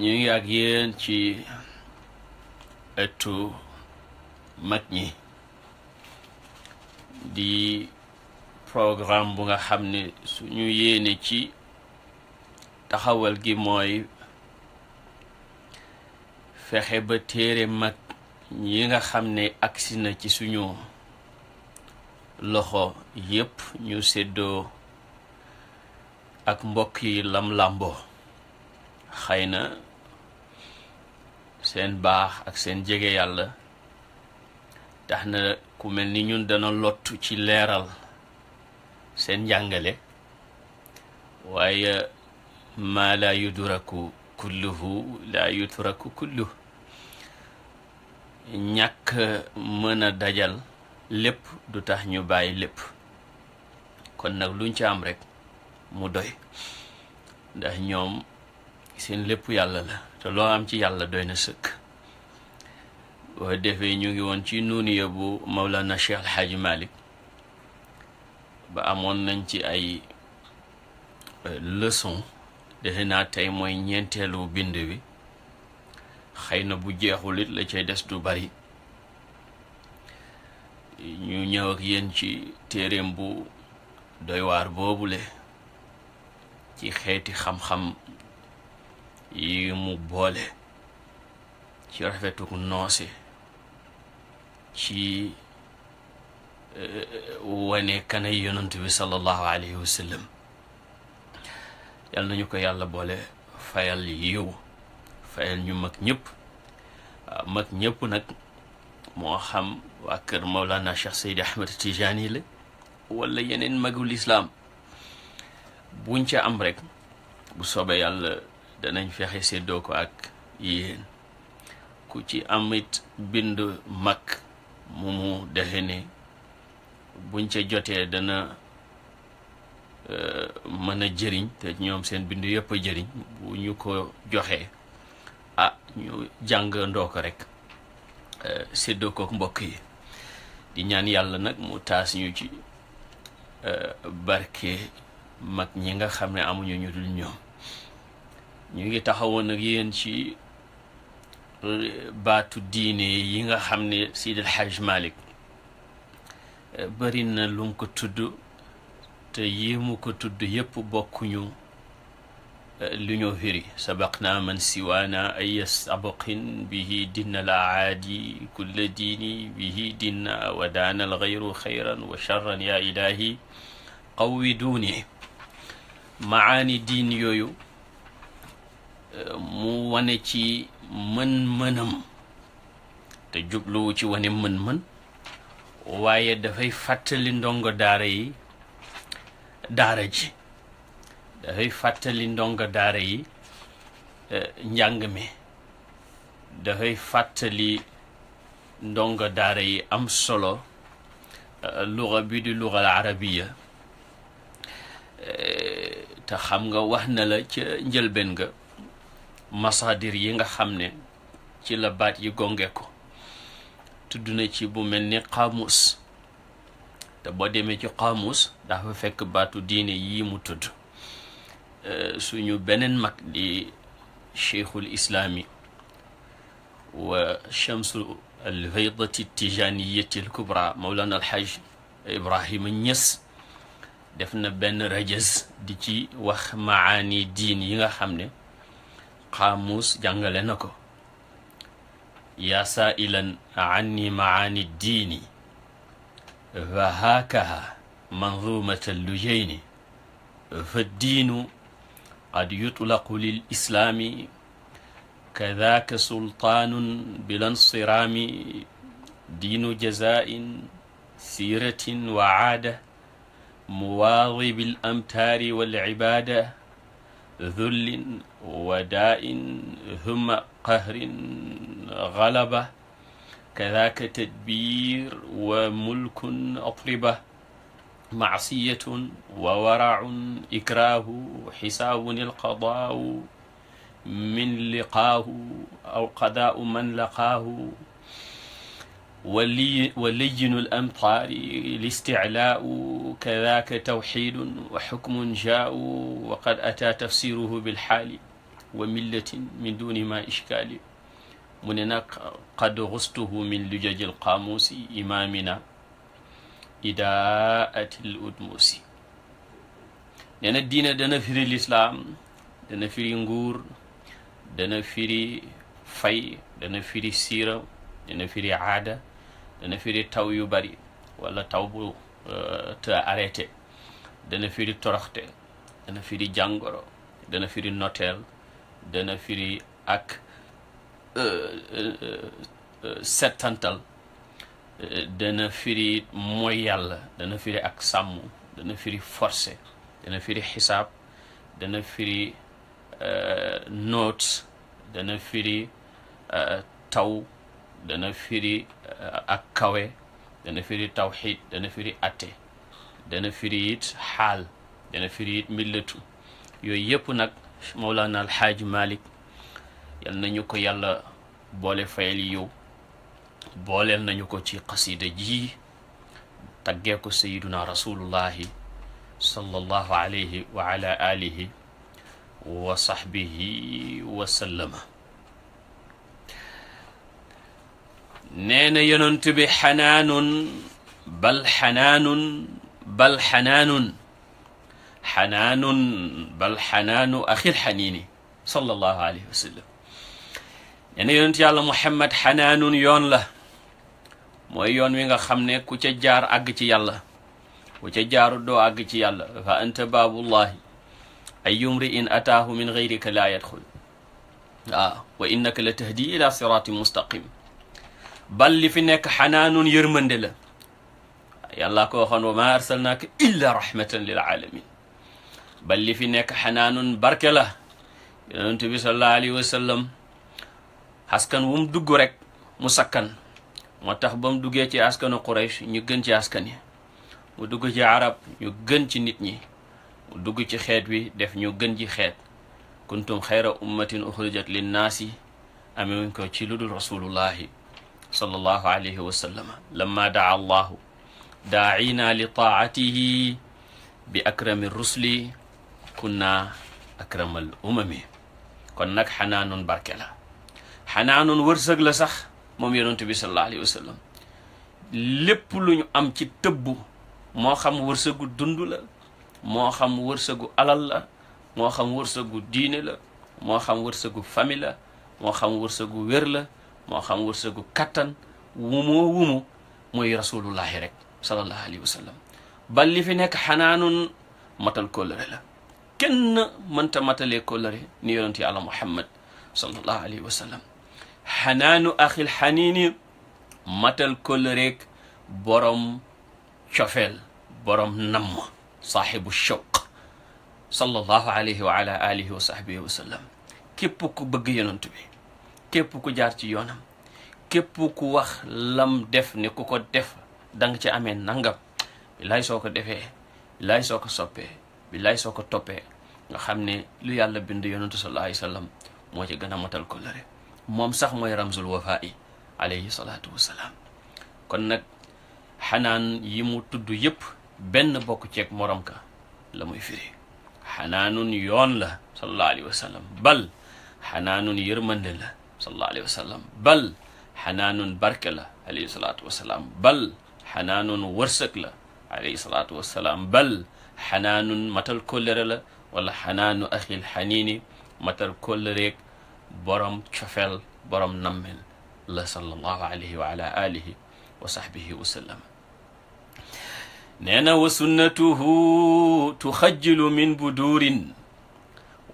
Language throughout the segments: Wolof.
ñu ngi ak yéen ci ëttu mag ñi di programme bu nga xam ne suñu yéene ci taxawal gi mooy fexe ba téere mag ñi nga xam ni agsi na ci suñu loxo yépp ñu seddoo ak mbokk yi lam làmboo xëy na seen baax ak seen jege yàlla tax na ku mel ni ñun dana lottu ci leeral seen njàngale waaye maa laa yudraku kulluhu laa yutraku kulluhu ñàkk mën a dajal lépp du tax ñu bàyyi lépp kon nag luñ ci am rekk mu doy ndax ñoom seen lépp yàlla la te loo am ci yàlla doy na sëkk boo defee ñu ngi woon ci nuuniya bu Mawlana Cheikh El Hadj Malick ba amoon nañ ci ay euh, leçon defe naa tey mooy ñeenteelu bind wi xëy na bu jeexul la cay des du bari ñu ñëw ak ci téereem bu doy waar boobule ci xeeti xam-xam yi mu boole ci rafetuk noose ci eh, wane kanay yonent bi sallallahu alayhi wa sallam yal nañu ko yàlla boole fayal yiw fayal ñu mag ñëpp waaw ah, mag ñëpp nag moo xam waa kër Mawlana Cheikh Seydi Ahmed Tijani la wala yeneen magul islaam buñ ca am rek bu soobee yàlla danañ fexe séddoo ko ak yéen ku ci amit bind mag mu mu defe ne buñ ca jotee dana euh, mën a jëriñ te ñoom seen bind yëpp a jëriñ bu ñu ko joxee a ah, ñu jàng ndoo ko rek euh, séddoo ko mbokk yi di ñaan yàlla nag mu taas ñu ci euh, barke mag ñi nga xam ne amuñu ñu dul ñoom ñu ngi taxawoon ak yéen ci baatu diine yi nga xam ne Seydi El Hadj Malick eh, na lu mu ko tudd te yi mu tudd yépp bokkuñu eh, luñu ñoo firi sabaqna man siwaana ay sabaqin bihi dinna la aadi kulla diini bihi dinna wa daana alxayru xayran wa charran yaa ilaahi qawwi duuni maani diin yooyu mu wane ci mën-mënam te jubluwu ci wane mën-mën waaye dafay fàttali ndongo daara yi daara ji dafay fàttali ndongo daara yi e, njàng mi dafay fàttali ndongo daara yi am solo e, luga bi di luga arabiya e, te xam nga wax na la ca njëlbeen nga masaadir yi nga xam ne ci la baat yi gonge ko tudd na ci bu mel ni xaamuus te boo demee ci xaamuus dafa fekk baatu diine yii mu tudd euh, suñu beneen mag di cheikhul islami wa chamsu alfaydati tijaniyati al kubra mawlana alhaj ibrahima ñës def na benn rajaz di ci wax maani diin yi nga xam ne xaamuus jàngale na ko yaa saailan anni maani diini fa haakaha manzumata lujeyni fa diinu qad yutlaqu lil islaami kadaaka sultaanun bilansiraami diinu jazain siiratin wa aada muwaadibi al amtaari wal ibaada dhullin wadaa'in huma qahrin galaba kadaka tadbir wa mulkun atriba macsiyatun wa waracun ikraahu xisaabun ilqadaau min liqaahu aw qadaau man laqaahu wa layinu al amtaari listiclaau كذاك توحيد وحكم جاء وقد أتى تفسيره بالحال وملة من دون ما إشكال mu ne nag qad gustuhu min lujajil qaamuusi imaamina idaatil udmuusi nee na diine dana firi lislaam dana firi nguur dana firi fay dana firi siira dana firi aada dana firi taw yu bari wala taw bu Euh, te arrêté dana firi toroxte dana firi jàngoro dana firi notel dana firi ak euh, euh, settantal dana firi mooy yàlla dana firi ak sàmm dana firi forcé dana firi xisaab dana firi noot dana firi taw dana firi ak kawe dana firi tawxid dana firi atte dana firi it dana firi millatu yooyu yëpp nag Mawlana Alxaaji Malik yal nañu ko yàlla boole fayal yow booleel nañu ko ci xasida ji taggee ko sayiduna rasulullahi sallallahu alayhi wa ala alihi nee na yonent bi xanaanun bal xanaanun bal xanaanun xanaanun bal xanaanu axil xaniini sallallahu alayhi wa sallam nee na yonent yàlla Muhammad xanaanun yoon la mooy yoon wi nga xam ne ku ca jaar àgg ci yàlla ku ca jaaru doo àgg ci yàlla fa anta baabullahi ay yumri in ataahu min gayrika laa yadxul waaw wa innaka la tahdi ila siraatin mustaqim bal li fi nekk xanaanun yërmande la yàlla ko waxoon wa maa arsalnaaka illa rahmatan lil alamin bal li fi nekk xanaanun barke la yonent bi sallallahu alayhi wa sallam askan wu dugg rek mu sakkan moo tax ba mu duggee ci askanu Quraysh ñu gën ci askan yi mu dugg ci arab ñu gën ci nit ñi mu dugg ci xeet wi def ñu gën ci xeet kuntum xayra ummatin uxrijat linnaasi amewuñ ko ci lu dul rasulullahi sallallahu alayhi wa sallam lamma daa allahu daacina li taatihi bi akrami rusli kunna akramal umami kon nag xanaanun barke la xanaanun wërsëg la sax moom yonent bi sallallahu alayhi wa sallam lépp lu ñu am ci tëbbu moo xam wërsëgu dund la moo xam wërsëgu alal la moo xam wërsëgu diine la moo xam wërsëgu famille la moo xam wërsëgu wér la moo xam wërsëgu kattan wumoo wumu mooy rasulullahi rek sallallahu alayhi wa sallam bal li fi nekk xanaanun matal kóllëre la kenn mënta matalee kóllëre ni yonent yàlla muhammad sallallahu alayhi wa sallam xanaanu axil xaniini matal kóllëreeg borom cofeel borom namm saaxibu shawq sallallahu alayhi wa ala alihi wa sahbihi wa sallam képp ku bëgg yonent bi képp ku jaar ci yoonam képp ku wax lam def ne ku ko def da nga ci amee nangam billaay soo ko defee billaay soo ko soppee billaay soo ko toppee nga xam ne lu yàlla bind yonentu sallallahu alayhi wasallam moo ci gën a matal ko lëre moom sax mooy ramzul wafa yi alayhi salaatu wasalaam kon nag xanaan yi mu tudd yëpp benn bokk ceeg morom ka la muy firi xanaanun yoon la sallallahu alayhi wa sallam bal xanaanun yërmande la sallallahu alayhi wa sallam bal xanaanun barke la alayhi salaatu wasalaam bal xanaanun wërsëg la alayhi salaatu wasalaam bal xanaanun matal kóllëre la wala xanaanu axil xaniini matal kóllëreeg borom cofeel borom nammel la sallallahu alayhi wa ala alihi wa sahbihi wa sallam nee na wa sunnatuhu tuxajjilu min budurin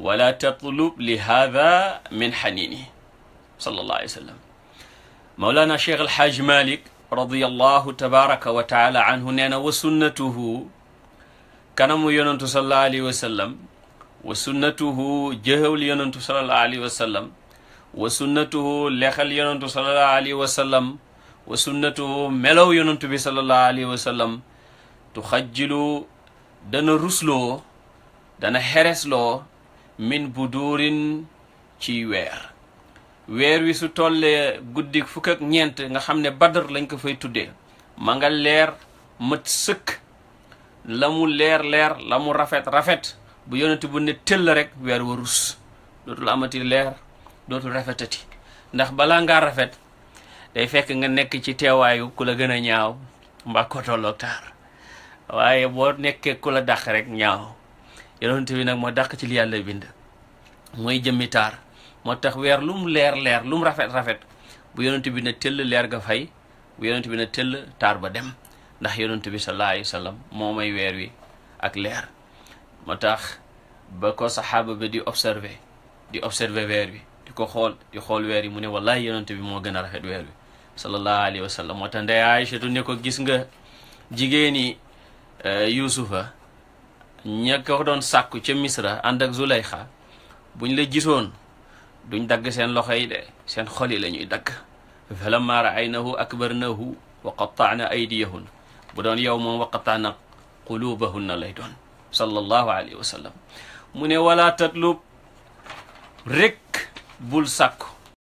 wala tatlub li haada min xaniini sallallahu alayhi wa sallam mawlaana cheikh alhaaj malik radiallahu tabaraka wa taala anhu nee na wa sunnatuhu kanamu yonantu sallallahu alayhi wa sallam wa sunnatuhu jëhawli yonantu sallallahu alayhi wa sallam wa sunnatuhu lexal yonantu sallallahu alayhi wa sallam wa sunnatuhu melow yonantu bi sallallahu alayhi wa sallam tu xajjilu dana rusloo dana xeresloo min buduurin ci weer weer wi su tollee guddi fukk ak ñeent nga xam ne badar lañ ko fay tuddee ma nga leer mët sëkk la mu leer leer la mu rafet rafet bu yonati bu ne tëll rek weer wa rus dootul amati leer dootu rafetati ndax balaa ngaa rafet day fekk nga nekk ci teewaayu ku la gën a ñaaw mbaa ko taar waaye boo nekkee ku la dàq rek ñaaw yonent bi nag moo dàq ci li yàlla bind mooy jëmmi taar moo tax weer lu mu leer leer lu mu rafet rafet bu yonent bi ne tëll leer ga fay bu yonent bi ne tëll taar ba dem ndax yonent bi sallallahu alayhi wa sallam moo may weer wi ak leer moo tax ba ko saxaaba bi di observer di observer weer wi di ko xool di xool weer yi mu ne wallahi yonent bi moo gën a rafet weer wi sallallahu alayhi wa sallam moo tax ndey Aysatu ne ko gis nga jigéeni euh, Yuusufa ña ko doon sàkku ca Misra ànd ak Zulayxa buñ la gisoon duñ dagg seen loxo yi de seen xol yi la ñuy dagg falamma raaynahu akbarnahu wa qattaana aydiyahun bu doon yow moom wa qattaana quluubahunna lay doon sallallahu alayhi mu ne wala tatlub rek bul